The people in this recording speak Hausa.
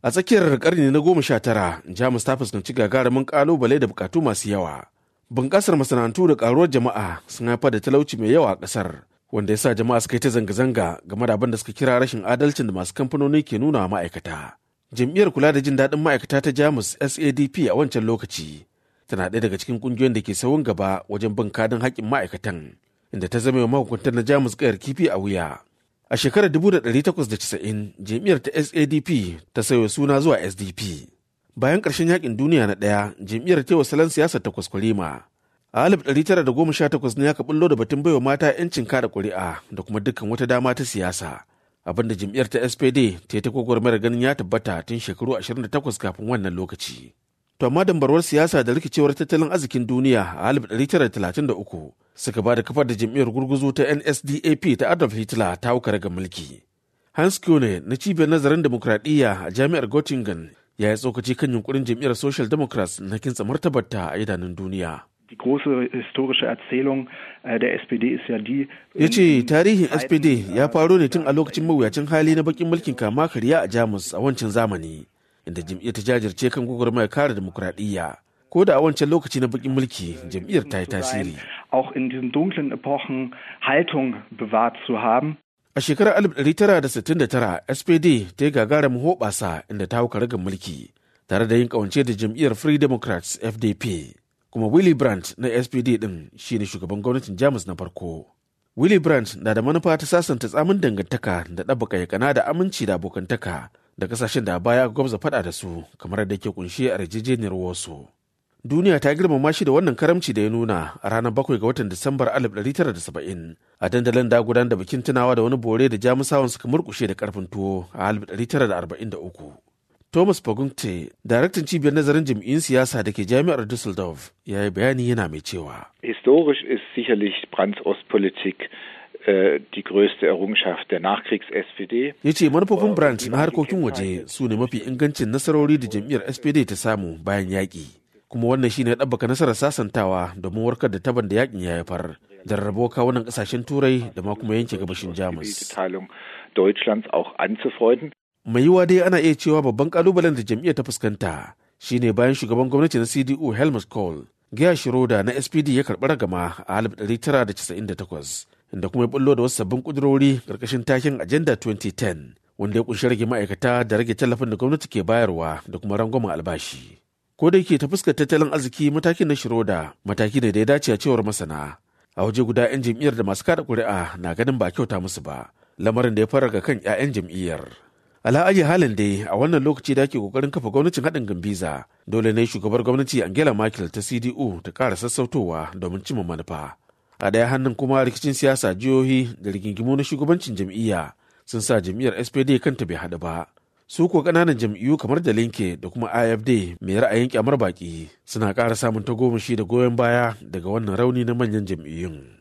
A tsakiyar karni na goma sha tara, Jamus ta fuskanci gagarumin kalubale da bukatu masu yawa. Bunƙasar masana'antu da karuwar jama'a sun haifar da talauci mai yawa a kasar wanda yasa jama'a suka yi ta zanga-zanga game da abin da suka kira rashin adalcin da masu kamfanoni ke nuna ma'aikata. Jam'iyyar kula da jin daɗin ma'aikata ta Jamus SADP a wancan lokaci tana ɗaya daga cikin ƙungiyoyin da ke sauyin gaba wajen bin kadin haƙƙin ma'aikatan, inda ta zama mahukuntar na Jamus ƙayar kifi a wuya. A shekarar 1890 jam'iyyar ta SADP ta sayo suna zuwa SDP. Bayan ƙarshen yakin duniya na ɗaya jam'iyyar ta salon siyasa ta kwaskwarima. A 1918 ne ya kaɓi da batun baiwa mata 'yancin kada ƙuri'a da kuma dukkan wata dama ta siyasa. Abin da jam'iyyar ta SPD ta yi ta gwagwarmayar ganin ya tabbata tun shekaru 28 kafin wannan lokaci. To amma dambarwar siyasa da rikicewar tattalin arzikin duniya a 1933 suka ba da kafar da jam'iyyar gurguzu ta nsdap ta adolf hitler ta hauka daga mulki hans kuhne na cibiyar nazarin demokradiyya a jami'ar göttingen ya yi tsokaci kan yunkurin jam'iyyar social democrats na kintsa martabarta a idanun duniya äh, Ya ce tarihin SPD ya faro ne tun a lokacin mawuyacin hali na bakin mulkin kama karya a Jamus a wancan zamani, inda jam'iyyar ta jajirce kan gwagwarmaya kare demokradiyya. Ko da a wancan lokaci na bakin mulki jam'iyyar ta yi tasiri. auch in diesen dunklen Epochen Haltung bewahrt zu haben. A shekarar 1969 SPD ta yi gagarumin hoɓasa inda ta hauka ragar mulki tare da yin kawance da jam'iyyar Free Democrats FDP. Kuma Willy Brandt na SPD ɗin shi ne shugaban gwamnatin Jamus na farko. Willy Brandt na da manufa ta sasanta tsamin dangantaka da ɗabbaka yakana da aminci da abokantaka da ƙasashen da baya gwamza faɗa da su kamar da ke ƙunshe a yarjejeniyar wasu. duniya ta girmama shi da wannan karamci da ya nuna a ranar bakwai ga watan disambar 1970 a dandalin da gudanar da bikin tunawa da wani bore da jamusawan suka murkushe da karfin tuwo a 1943 thomas pagunte daraktan cibiyar nazarin jami'in siyasa da ke jami'ar düsseldorf ya yi bayani yana mai cewa historisch ist sicherlich brands ostpolitik äh, die größte Errungenschaft der Nachkriegs-SPD. Ya ce manufofin Brandt na harkokin waje su ne mafi ingancin nasarori da jam'iyyar SPD ta samu bayan yaƙi. kuma wannan shine ɗabbaka nasarar sasantawa domin warkar da taban da yakin ya haifar da rarrabo kawunan ƙasashen turai da ma kuma yanke gabashin jamus mai yiwa dai ana iya cewa babban kalubalen da jam'iyyar ta fuskanta shine bayan shugaban gwamnati na cdu helmut kohl Giya Shiroda na SPD ya karɓi ragama a 1998 inda kuma ya bullo da wasu sabbin kudurori ƙarƙashin takin Agenda 2010 wanda ya kunshi rage ma'aikata da rage tallafin da gwamnati ke bayarwa da kuma rangwamen albashi. ko da yake ta fuskar tattalin arziki matakin na shiroda mataki ne da ya dace a cewar masana a waje guda 'yan jam'iyyar da masu kada kuri'a na ganin ba kyauta musu ba lamarin da ya fara ga kan 'ya'yan jam'iyyar ala'ayi halin dai a wannan lokaci da ake kokarin kafa gwamnatin haɗin gambiza dole ne shugabar gwamnati angela merkel ta cdu ta ƙara sassautowa domin cimma manufa a ɗaya hannun kuma rikicin siyasa jihohi da rigingimu na shugabancin jam'iyya sun sa jam'iyyar spd kanta bai haɗu ba su ko kananan jam'iyyu kamar da linke da kuma ifd mai ra'ayin kyamar baki suna ƙara samun ta tagomashi da goyon baya daga wannan rauni na manyan jam'iyyun